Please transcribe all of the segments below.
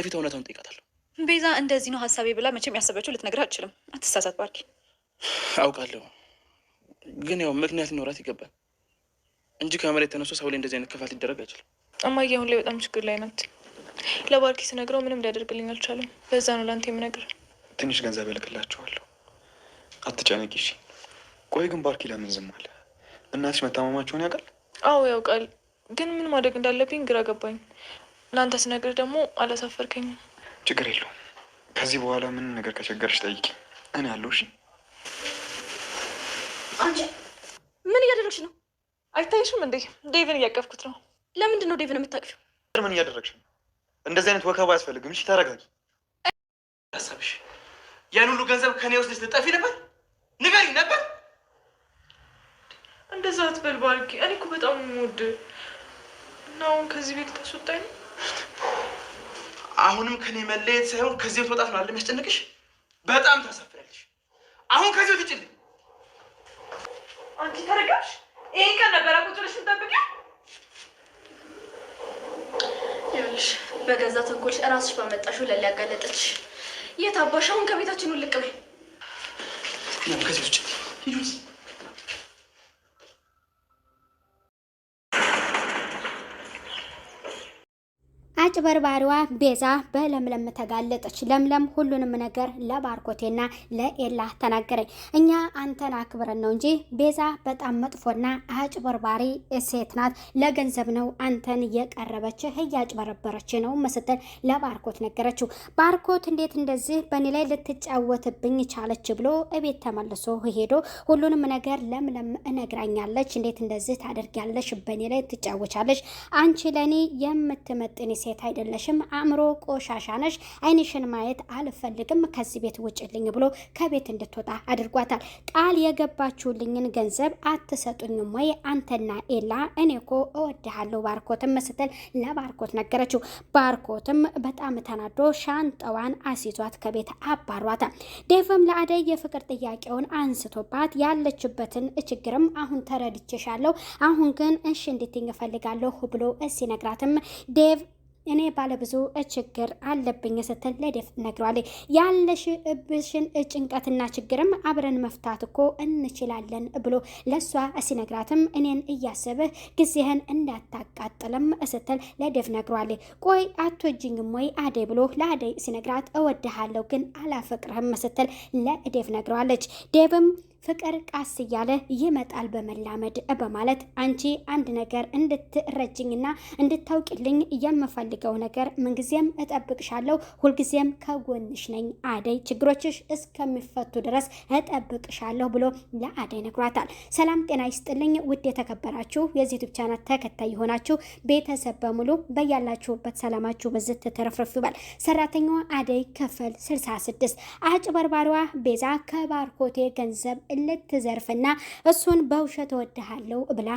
ለፊት እውነቱን እጠይቃታለሁ። ቤዛ እንደዚህ ነው ሀሳቤ ብላ መቼም ያሰበችው ልትነግር አልችልም። አትሳሳት ባርኪ። አውቃለሁ፣ ግን ያው ምክንያት ሊኖራት ይገባል እንጂ ከመሬት ተነስቶ ሰው ላይ እንደዚህ አይነት ክፋት ሊደረግ አይችልም። እማዬ አሁን ላይ በጣም ችግር ላይ ናት። ለባርኪ ስነግረው ምንም ሊያደርግልኝ አልቻለም። በዛ ነው ለአንተ የምነግር። ትንሽ ገንዘብ እልክላችኋለሁ፣ አትጨነቂ እሺ። ቆይ ግን ባርኪ ለምን ዝም አለ? እናትሽ መታመማችሁን ያውቃል? አዎ ያውቃል፣ ግን ምን ማድረግ እንዳለብኝ ግራ ገባኝ። ለአንተ ስነግር ደግሞ አላሳፈርከኝ። ችግር የለውም። ከዚህ በኋላ ምን ነገር ከቸገረች ጠይቂ፣ እኔ አለሁ። እሺ። አንቺ ምን እያደረግሽ ነው? አይታይሽም እንዴ? ዴቭን እያቀፍኩት ነው። ለምንድን ነው ዴቭን የምታቅፊው? ምን እያደረግሽ ነው? እንደዚህ አይነት ወከባ አያስፈልግም። እሺ፣ ተረጋጊ። ሀሳብሽ ያን ሁሉ ገንዘብ ከኔ ወስደሽ ልጠፊ ነበር? ንገሪ ነበር። እንደዛ አትበል ባልኪ። እኔ እኮ በጣም ውድ እና አሁን ከዚህ ቤት ታስወጣኝ አሁንም ከኔ መለየት ሳይሆን ከዚህ ቤት መውጣት ነው አይደል የሚያስጨንቅሽ? በጣም ታሳፍራለሽ። አሁን ከዚህ ቤት ውጭልኝ። አንቺ ተረጋሽ። ይህን ቀን ነበር ቁጭ ብለሽ ምጠብቅ። ይኸውልሽ በገዛ ተንኮልሽ እራስሽ ባመጣሽው ለላ ያጋለጠች የት አባሽ። አሁን ከቤታችን ውልቅ በይ። ከዚህ ውጭ ልጅ አጭበርባሪዋ ቤዛ በለምለም ተጋለጠች። ለምለም ሁሉንም ነገር ለባርኮቴና ለኤላ ተናገረኝ። እኛ አንተን አክብረን ነው እንጂ ቤዛ በጣም መጥፎና አጭበርባሪ ሴት ናት። ለገንዘብ ነው አንተን የቀረበች እያጭበረበረች ነው መስተል ለባርኮት ነገረችው። ባርኮት እንዴት እንደዚህ በእኔ ላይ ልትጫወትብኝ ቻለች ብሎ እቤት ተመልሶ ሄዶ ሁሉንም ነገር ለምለም እነግራኛለች። እንዴት እንደዚህ ታደርጊያለሽ? በእኔ ላይ ትጫወቻለች። አንቺ ለእኔ የምትመጥን ሴት አይደለሽም፣ አእምሮ ቆሻሻ ነሽ፣ አይንሽን ማየት አልፈልግም፣ ከዚህ ቤት ውጭልኝ ብሎ ከቤት እንድትወጣ አድርጓታል። ቃል የገባችሁልኝን ገንዘብ አትሰጡኝም ወይ አንተና ኤላ? እኔ እኮ እወድሃለሁ ባርኮትም ስትል ለባርኮት ነገረችው። ባርኮትም በጣም ተናዶ ሻንጣዋን አስይዟት ከቤት አባሯታል። ዴቭም ለአደይ የፍቅር ጥያቄውን አንስቶባት ያለችበትን ችግርም አሁን ተረድቼሻለሁ፣ አሁን ግን እሺ እንድትይኝ እፈልጋለሁ ብሎ እሲነግራትም ዴቭ እኔ ባለብዙ ችግር አለብኝ ስትል ለደፍ ነግሯል። ያለሽ ብሽን ጭንቀትና ችግርም አብረን መፍታት እኮ እንችላለን ብሎ ለእሷ ሲነግራትም እኔን እያሰብህ ጊዜህን እንዳታቃጥልም ስትል ለደፍ ነግሯል። ቆይ አትወጂኝም ወይ አደይ ብሎ ለአደይ ሲነግራት እወድሃለሁ ግን አላፈቅርህም ስትል ለደፍ ነግሯለች። ደብም ፍቅር ቃስ እያለ ይመጣል በመላመድ በማለት አንቺ አንድ ነገር እንድትረጅኝና እንድታውቂልኝ የምፈልገው ነገር ምንጊዜም እጠብቅሻለሁ፣ ሁልጊዜም ከጎንሽ ነኝ አደይ፣ ችግሮችሽ እስከሚፈቱ ድረስ እጠብቅሻለሁ ብሎ ለአደይ ነግሯታል። ሰላም ጤና ይስጥልኝ ውድ የተከበራችሁ የዚህ ቻናል ተከታይ የሆናችሁ ቤተሰብ በሙሉ በያላችሁበት ሰላማችሁ ብዝት ተረፍረፍ ይባል። ሰራተኛዋ አደይ ክፍል 66 አጭበርባሪዋ ቤዛ ከባርኮቴ ገንዘብ ልትዘርፍና እሱን በውሸት እወድሃለሁ ብላ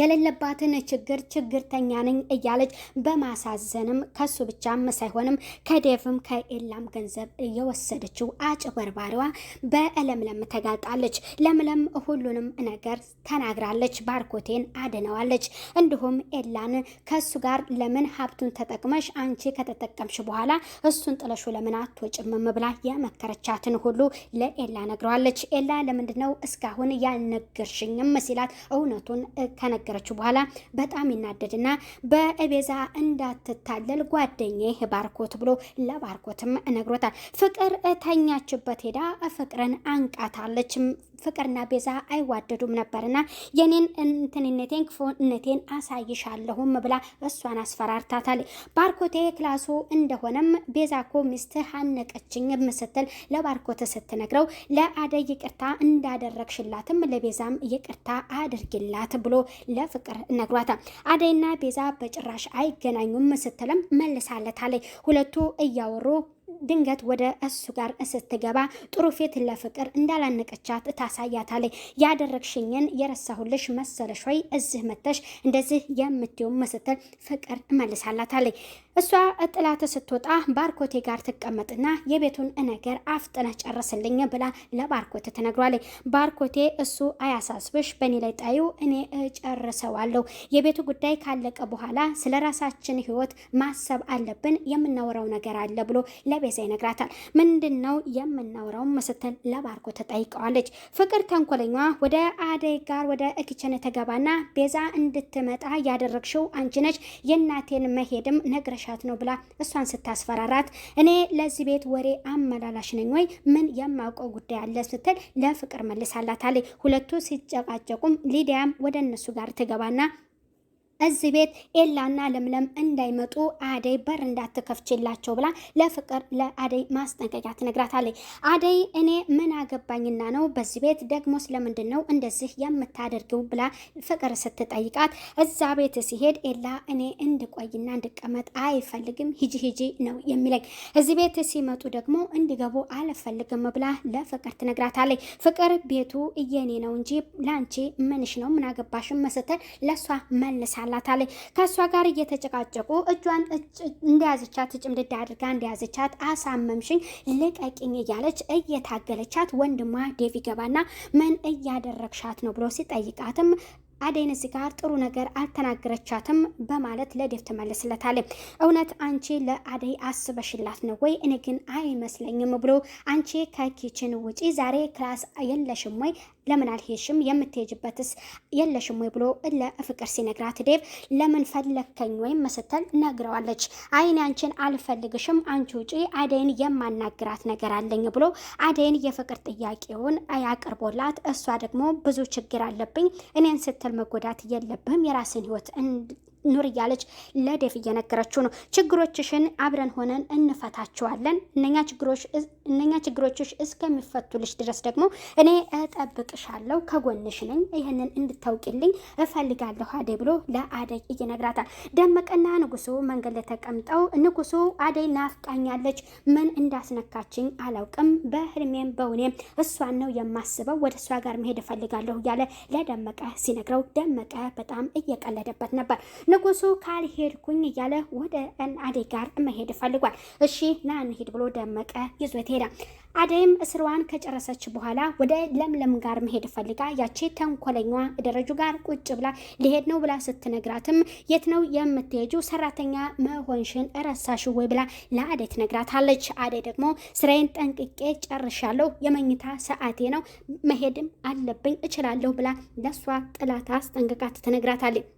የሌለባትን ችግር ችግርተኛ ነኝ እያለች በማሳዘንም ከሱ ብቻም ሳይሆንም ከዴቭም ከኤላም ገንዘብ የወሰደችው አጭበርባሪዋ በለምለም ተጋልጣለች። ለምለም ሁሉንም ነገር ተናግራለች። ባርኮቴን አድነዋለች። እንዲሁም ኤላን ከሱ ጋር ለምን ሀብቱን ተጠቅመሽ አንቺ ከተጠቀምሽ በኋላ እሱን ጥለሹ ለምን አትወጭም ብላ የመከረቻትን ሁሉ ለኤላ ነግረዋለች። ኤላ ለምንድነው እስካሁን ያልነገርሽኝም ሲላት እውነቱን ከነ ከተናገረችው በኋላ በጣም ይናደድና በቤዛ እንዳትታለል ጓደኛዬ ባርኮት ብሎ ለባርኮትም ነግሮታል። ፍቅር ተኛችበት ሄዳ ፍቅርን አንቃታለች። ፍቅርና ቤዛ አይዋደዱም ነበርና የኔን እንትንነቴን ክፉነቴን አሳይሻለሁም ብላ እሷን አስፈራርታታል። ባርኮቴ ክላሱ እንደሆነም ቤዛ እኮ ሚስትህ አነቀችኝ ስትል ለባርኮት ስትነግረው ለአደይ ይቅርታ እንዳደረግሽላትም ለቤዛም ይቅርታ አድርጊላት ብሎ ለፍቅር ነግሯታል። አደይና ቤዛ በጭራሽ አይገናኙም ስትልም መልሳለታለች። ሁለቱ እያወሩ ድንገት ወደ እሱ ጋር ስትገባ ጥሩ ፌት ለፍቅር እንዳላነቀቻት ታሳያታለች። ያደረግሽኝን የረሳሁልሽ መሰለሽ ወይ እዚህ መተሽ እንደዚህ የምትዩም መስተል ፍቅር እመልሳላታለች። እሷ እጥላት ስትወጣ ባርኮቴ ጋር ትቀመጥና የቤቱን ነገር አፍጥነ ጨርስልኝ ብላ ለባርኮቴ ትነግሯለች። ባርኮቴ እሱ አያሳስብሽ፣ በእኔ ላይ ጣዩ፣ እኔ እጨርሰዋለሁ። የቤቱ ጉዳይ ካለቀ በኋላ ስለ ራሳችን ህይወት ማሰብ አለብን፣ የምናወራው ነገር አለ ብሎ ለቤዛ ይነግራታል። ምንድን ነው የምናወራው ስትል ለባርኮቴ ጠይቀዋለች። ፍቅር ተንኮለኛ ወደ አደይ ጋር ወደ እኪችን ተገባና ቤዛ እንድትመጣ ያደረግሽው አንቺ ነች፣ የእናቴን መሄድም ነግረሽ እያስፈራራሻት ነው ብላ እሷን ስታስፈራራት እኔ ለዚህ ቤት ወሬ አመላላሽ ነኝ ወይ ምን የማውቀው ጉዳይ አለ ስትል ለፍቅር መልሳላት አለ። ሁለቱ ሲጨቃጨቁም ሊዲያም ወደ እነሱ ጋር ትገባና እዚህ ቤት ኤላና ለምለም እንዳይመጡ አደይ በር እንዳትከፍችላቸው ብላ ለፍቅር ለአደይ ማስጠንቀቂያ ትነግራታለች። አደይ እኔ ምን አገባኝና ነው በዚህ ቤት ደግሞ ስለምንድን ነው እንደዚህ የምታደርገው ብላ ፍቅር ስትጠይቃት፣ እዛ ቤት ሲሄድ ኤላ እኔ እንድቆይና እንድቀመጥ አይፈልግም፣ ሂጂ ሂጂ ነው የሚለኝ። እዚህ ቤት ሲመጡ ደግሞ እንዲገቡ አልፈልግም ብላ ለፍቅር ትነግራታለች። ፍቅር ቤቱ እየኔ ነው እንጂ ላንቺ ምንሽ ነው ምን አገባሽም መስተል ለእሷ መልሳል አላት። ከእሷ ጋር እየተጨቃጨቁ እጇን እንደያዘቻት ጭምድዳ አድርጋ እንደያዘቻት አሳመምሽኝ፣ ልቀቂኝ እያለች እየታገለቻት ወንድሟ ዴቭ ይገባና ምን እያደረግሻት ነው ብሎ ሲጠይቃትም አደይን እዚህ ጋር ጥሩ ነገር አልተናገረቻትም በማለት ለዴቭ ትመልስለታለች። እውነት አንቺ ለአደይ አስበሽላት ነው ወይ? እኔ ግን አይመስለኝም ብሎ አንቺ ከኪችን ውጪ ዛሬ ክላስ የለሽም ወይ? ለምን አልሄድሽም? የምትሄጅበትስ የለሽም ወይ ብሎ ለፍቅር ሲነግራት ዴቭ ለምን ፈለከኝ ወይም መስተል ነግረዋለች። አይኔ አንቺን አልፈልግሽም፣ አንቺ ውጪ፣ አደይን የማናግራት ነገር አለኝ ብሎ አደይን የፍቅር ጥያቄውን ያቅርቦላት፣ እሷ ደግሞ ብዙ ችግር አለብኝ፣ እኔን ስትል መጎዳት የለብህም፣ የራስን ህይወት ኑር እያለች ለዴቭ እየነገረችው ነው። ችግሮችሽን አብረን ሆነን እንፈታቸዋለን እነኛ ችግሮች እነኛ ችግሮችሽ እስከሚፈቱልሽ ድረስ ደግሞ እኔ እጠብቅሻለሁ፣ ከጎንሽ ነኝ፣ ይህንን እንድታውቂልኝ እፈልጋለሁ አደይ ብሎ ለአደይ ይነግራታል። ደመቀና ንጉሱ መንገድ ላይ ተቀምጠው ንጉሱ አደይ ናፍቃኛለች፣ ምን እንዳስነካችኝ አላውቅም፣ በህልሜም በውኔም እሷን ነው የማስበው፣ ወደ እሷ ጋር መሄድ እፈልጋለሁ እያለ ለደመቀ ሲነግረው ደመቀ በጣም እየቀለደበት ነበር። ንጉሱ ካልሄድኩኝ እያለ ወደ አደይ ጋር መሄድ ፈልጓል። እሺ ና እንሂድ ብሎ ደመቀ ይዞት ሄዳ አደይም እስርዋን ከጨረሰች በኋላ ወደ ለምለም ጋር መሄድ ፈልጋ ያቼ ተንኮለኛዋ ደረጁ ጋር ቁጭ ብላ ሊሄድ ነው ብላ ስትነግራትም የት ነው የምትሄጁ? ሰራተኛ መሆንሽን እረሳሽ ወይ ብላ ለአደይ ትነግራታለች። አደይ ደግሞ ስራዬን ጠንቅቄ ጨርሻለሁ፣ የመኝታ ሰዓቴ ነው፣ መሄድም አለብኝ እችላለሁ ብላ ለሷ ጥላት አስጠንቅቃት ትነግራታለች።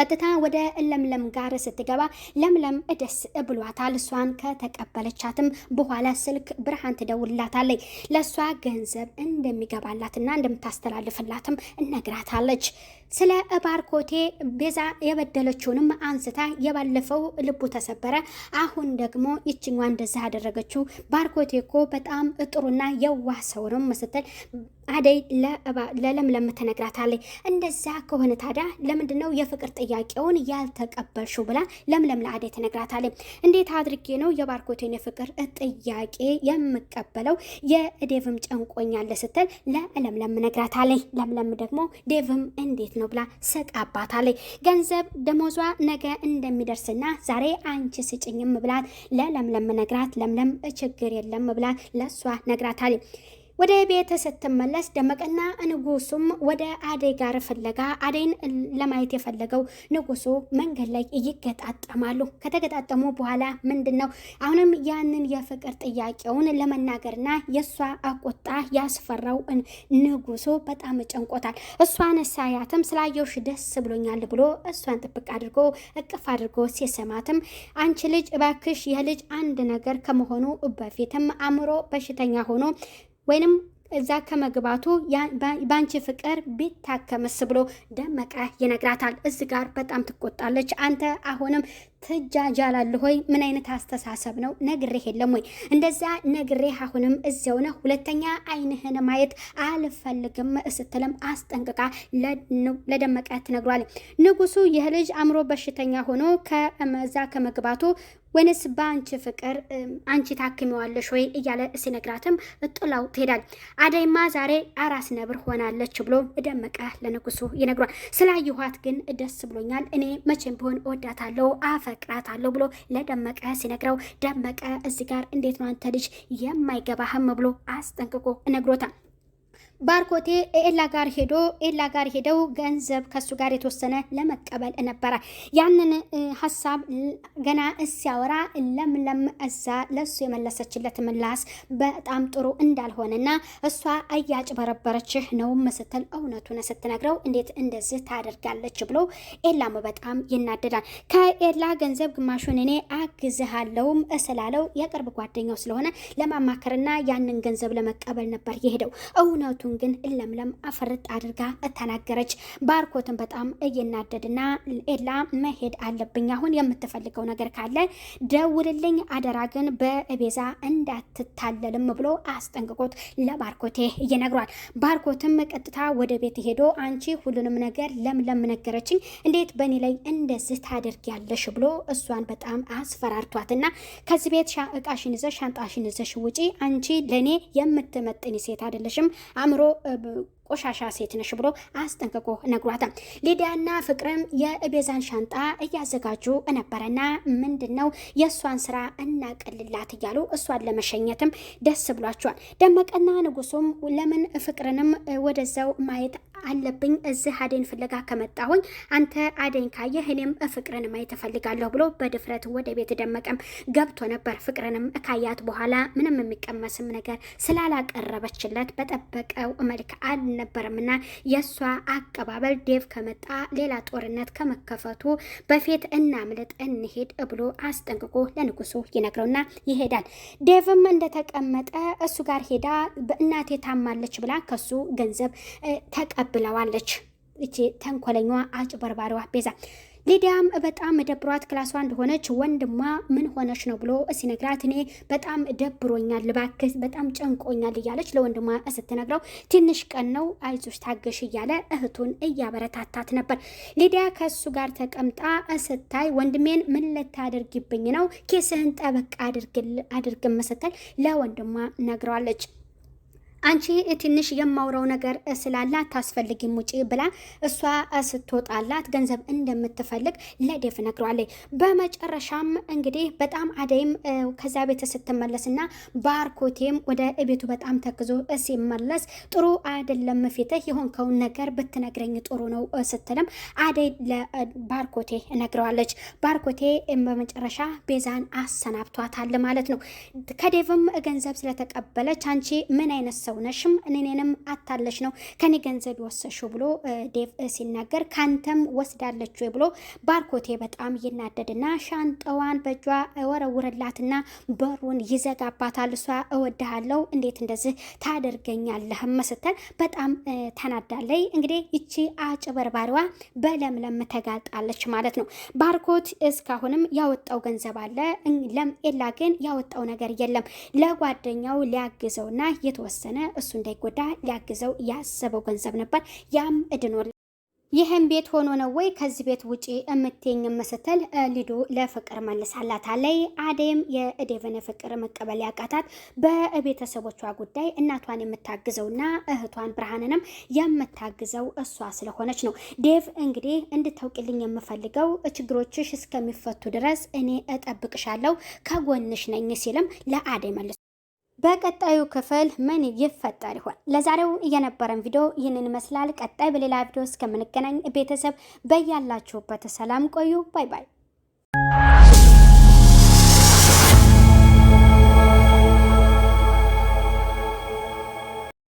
ቀጥታ ወደ ለምለም ጋር ስትገባ ለምለም ደስ ብሏታል። እሷን ከተቀበለቻትም በኋላ ስልክ ብርሃን ትደውልላታለች። ለእሷ ገንዘብ እንደሚገባላትና እንደምታስተላልፍላትም እነግራታለች። ስለ ባርኮቴ ቤዛ የበደለችውንም አንስታ የባለፈው ልቡ ተሰበረ። አሁን ደግሞ ይችኛ እንደዛ አደረገችው። ባርኮቴ እኮ በጣም ጥሩና የዋህ ሰው ነው መስትል አደይ ለለምለም ትነግራታለች። እንደዛ ከሆነ ታዲያ ለምንድን ነው የፍቅር ጥያቄውን ያልተቀበልሽው? ብላ ለምለም ለአደይ ትነግራታለች። እንዴት አድርጌ ነው የባርኮቴን የፍቅር ጥያቄ የምቀበለው? የዴቭም ጨንቆኛለ ስትል ለለምለም ነግራታለች። ለምለም ደግሞ ዴቭም እንዴት ነው ነው ብላ ስቃባታለች። ገንዘብ ደሞዟ ነገ እንደሚደርስና ዛሬ አንቺ ስጭኝም ብላት ለለምለም ነግራት ለምለም ችግር የለም ብላት ለእሷ ነግራታለች። ወደ ቤት ስትመለስ ደመቀና ንጉሱም ወደ አደይ ጋር ፍለጋ አደይን ለማየት የፈለገው ንጉሱ መንገድ ላይ ይገጣጠማሉ። ከተገጣጠሙ በኋላ ምንድን ነው አሁንም ያንን የፍቅር ጥያቄውን ለመናገርና የእሷ አቆጣ ያስፈራው ንጉሱ በጣም ጨንቆታል። እሷን ሳያትም ስላየውሽ ደስ ብሎኛል ብሎ እሷን ጥብቅ አድርጎ እቅፍ አድርጎ ሲሰማትም አንቺ ልጅ እባክሽ የልጅ አንድ ነገር ከመሆኑ በፊትም አእምሮ በሽተኛ ሆኖ ወይንም እዛ ከመግባቱ በአንቺ ፍቅር ቢታከምስ ብሎ ደመቀ ይነግራታል። እዚ ጋር በጣም ትቆጣለች። አንተ አሁንም ትጃጃላለህ ወይ? ምን አይነት አስተሳሰብ ነው? ነግሬህ የለም ወይ? እንደዛ ነግሬህ አሁንም እዚያው ነህ። ሁለተኛ አይንህን ማየት አልፈልግም ስትልም አስጠንቅቃ ለደመቀ ትነግሯል። ንጉሱ ይህ ልጅ አእምሮ በሽተኛ ሆኖ ከመዛ ከመግባቱ ወይንስ በአንቺ ፍቅር አንቺ ታክሚዋለሽ ወይ እያለ ሲነግራትም ጥላው ትሄዳል። አደይማ ዛሬ አራስ ነብር ሆናለች ብሎ ደመቀ ለንጉሱ ይነግሯል። ስላየኋት ግን ደስ ብሎኛል። እኔ መቼም ቢሆን እወዳታለሁ አፈ አፈቅራታለሁ ብሎ ለደመቀ ሲነግረው ደመቀ እዚህ ጋር እንዴት ነው አንተ ልጅ የማይገባህም ብሎ አስጠንቅቆ ነግሮታል። ባርኮቴ ኤላ ጋር ሄዶ ኤላ ጋር ሄደው ገንዘብ ከሱ ጋር የተወሰነ ለመቀበል ነበረ። ያንን ሀሳብ ገና ሲያወራ ለምለም እዛ ለሱ የመለሰችለት ምላስ በጣም ጥሩ እንዳልሆነና እሷ እያጭበረበረችህ ነው ስትል እውነቱን ስትነግረው እንዴት እንደዚህ ታደርጋለች ብሎ ኤላም በጣም ይናደዳል። ከኤላ ገንዘብ ግማሹን እኔ አግዝሃለውም እስላለው የቅርብ ጓደኛው ስለሆነ ለማማከርና ያንን ገንዘብ ለመቀበል ነበር የሄደው እውነቱን እውነቱን ግን ለምለም አፈርጥ አድርጋ ተናገረች። ባርኮትን በጣም እየናደድና ኤላ መሄድ አለብኝ አሁን የምትፈልገው ነገር ካለ ደውልልኝ፣ አደራ ግን በቤዛ እንዳትታለልም ብሎ አስጠንቅቆት ለባርኮቴ እየነግሯል። ባርኮትም ቀጥታ ወደ ቤት ሄዶ አንቺ ሁሉንም ነገር ለምለም ነገረችኝ፣ እንዴት በእኔ ላይ እንደዚህ ታደርጊያለሽ ብሎ እሷን በጣም አስፈራርቷትና ከዚህ ቤት እቃሽን ይዘሽ ሻንጣሽን ይዘሽ ውጪ፣ አንቺ ለእኔ የምትመጥን ሴት አይደለሽም አእምሮ ኑሮ ቆሻሻ ሴት ነሽ ብሎ አስጠንቅቆ ነግሯታል። ሊዲያና ፍቅርም የእቤዛን ሻንጣ እያዘጋጁ ነበረና ምንድን ነው የእሷን ስራ እናቀልላት እያሉ እሷን ለመሸኘትም ደስ ብሏቸዋል። ደመቀና ንጉሱም ለምን ፍቅርንም ወደዛው ማየት አለብኝ እዚህ አደይን ፍለጋ ከመጣሁኝ አንተ አደይን ካየህ እኔም ፍቅርን ማየት እፈልጋለሁ ብሎ በድፍረት ወደ ቤት ደመቀም ገብቶ ነበር። ፍቅርንም ካያት በኋላ ምንም የሚቀመስም ነገር ስላላቀረበችለት በጠበቀው መልክ አለ አልነበረም እና የእሷ አቀባበል ዴቭ ከመጣ ሌላ ጦርነት ከመከፈቱ በፊት እናምልጥ እንሄድ ብሎ አስጠንቅቆ ለንጉሱ ይነግረውና ይሄዳል። ዴቭም እንደተቀመጠ እሱ ጋር ሄዳ እናቴ ታማለች ብላ ከሱ ገንዘብ ተቀብለዋለች። እቺ ተንኮለኛዋ አጭበርባሪዋ ቤዛ ሊዲያም በጣም ደብሯት ክላሷ እንደሆነች ወንድሟ ምን ሆነች ነው ብሎ ሲነግራት እኔ በጣም ደብሮኛል እባክህ በጣም ጨንቆኛል እያለች ለወንድሟ ስትነግረው ትንሽ ቀን ነው አይዞሽ ታገሽ እያለ እህቱን እያበረታታት ነበር። ሊዲያ ከሱ ጋር ተቀምጣ ስታይ ወንድሜን ምን ልታደርግብኝ ነው? ኬስህን ጠበቅ አድርግ መሰተል ለወንድሟ ነግረዋለች። አንቺ ትንሽ የማውረው ነገር ስላላት ታስፈልጊም ውጪ ብላ እሷ ስትወጣላት ገንዘብ እንደምትፈልግ ለዴፍ ነግሯለች። በመጨረሻም እንግዲህ በጣም አደይም ከዚያ ቤት ስትመለስና ባርኮቴም ወደ ቤቱ በጣም ተክዞ ሲመለስ ጥሩ አይደለም ፊትህ የሆንከውን ነገር ብትነግረኝ ጥሩ ነው ስትልም አደይ ለባርኮቴ ነግረዋለች። ባርኮቴ በመጨረሻ ቤዛን አሰናብቷታል ማለት ነው። ከዴቭም ገንዘብ ስለተቀበለች አንቺ ምን አይነት ሰው ሰው ነሽም እኔንም አታለሽ ነው ከኔ ገንዘብ ወሰሽው ብሎ ዴቭ ሲናገር ካንተም ወስዳለች ብሎ ባርኮቴ በጣም ይናደድና ሻንጠዋን በእጇ ወረውርላትና በሩን ይዘጋባታል። እሷ እወድሃለሁ እንዴት እንደዚህ ታደርገኛለህ መስተል በጣም ተናዳለይ። እንግዲህ ይቺ አጭበርባሪዋ በለምለም ተጋልጣለች ማለት ነው። ባርኮት እስካሁንም ያወጣው ገንዘብ አለ ለም ኤላ ግን ያወጣው ነገር የለም። ለጓደኛው ሊያግዘውና የተወሰነ እሱ እንዳይጎዳ ሊያግዘው ያሰበው ገንዘብ ነበር። ያም እድኖል ይህም ቤት ሆኖ ነው ወይ ከዚህ ቤት ውጪ እምትኝ መስተል ሊዱ ለፍቅር መልሳላት አለይ። አደይም የእዴቨነ ፍቅር መቀበል ያቃታት በቤተሰቦቿ ጉዳይ እናቷን የምታግዘውና እህቷን ብርሃንንም የምታግዘው እሷ ስለሆነች ነው። ዴቭ እንግዲህ እንድታውቅልኝ የምፈልገው ችግሮችሽ እስከሚፈቱ ድረስ እኔ እጠብቅሻለሁ፣ ከጎንሽ ነኝ ሲልም ለአደይ መልሶ በቀጣዩ ክፍል ምን ይፈጠር ይሆን? ለዛሬው የነበረን ቪዲዮ ይህንን ይመስላል። ቀጣይ በሌላ ቪዲዮ እስከምንገናኝ ቤተሰብ በያላችሁበት ሰላም ቆዩ። ባይ ባይ።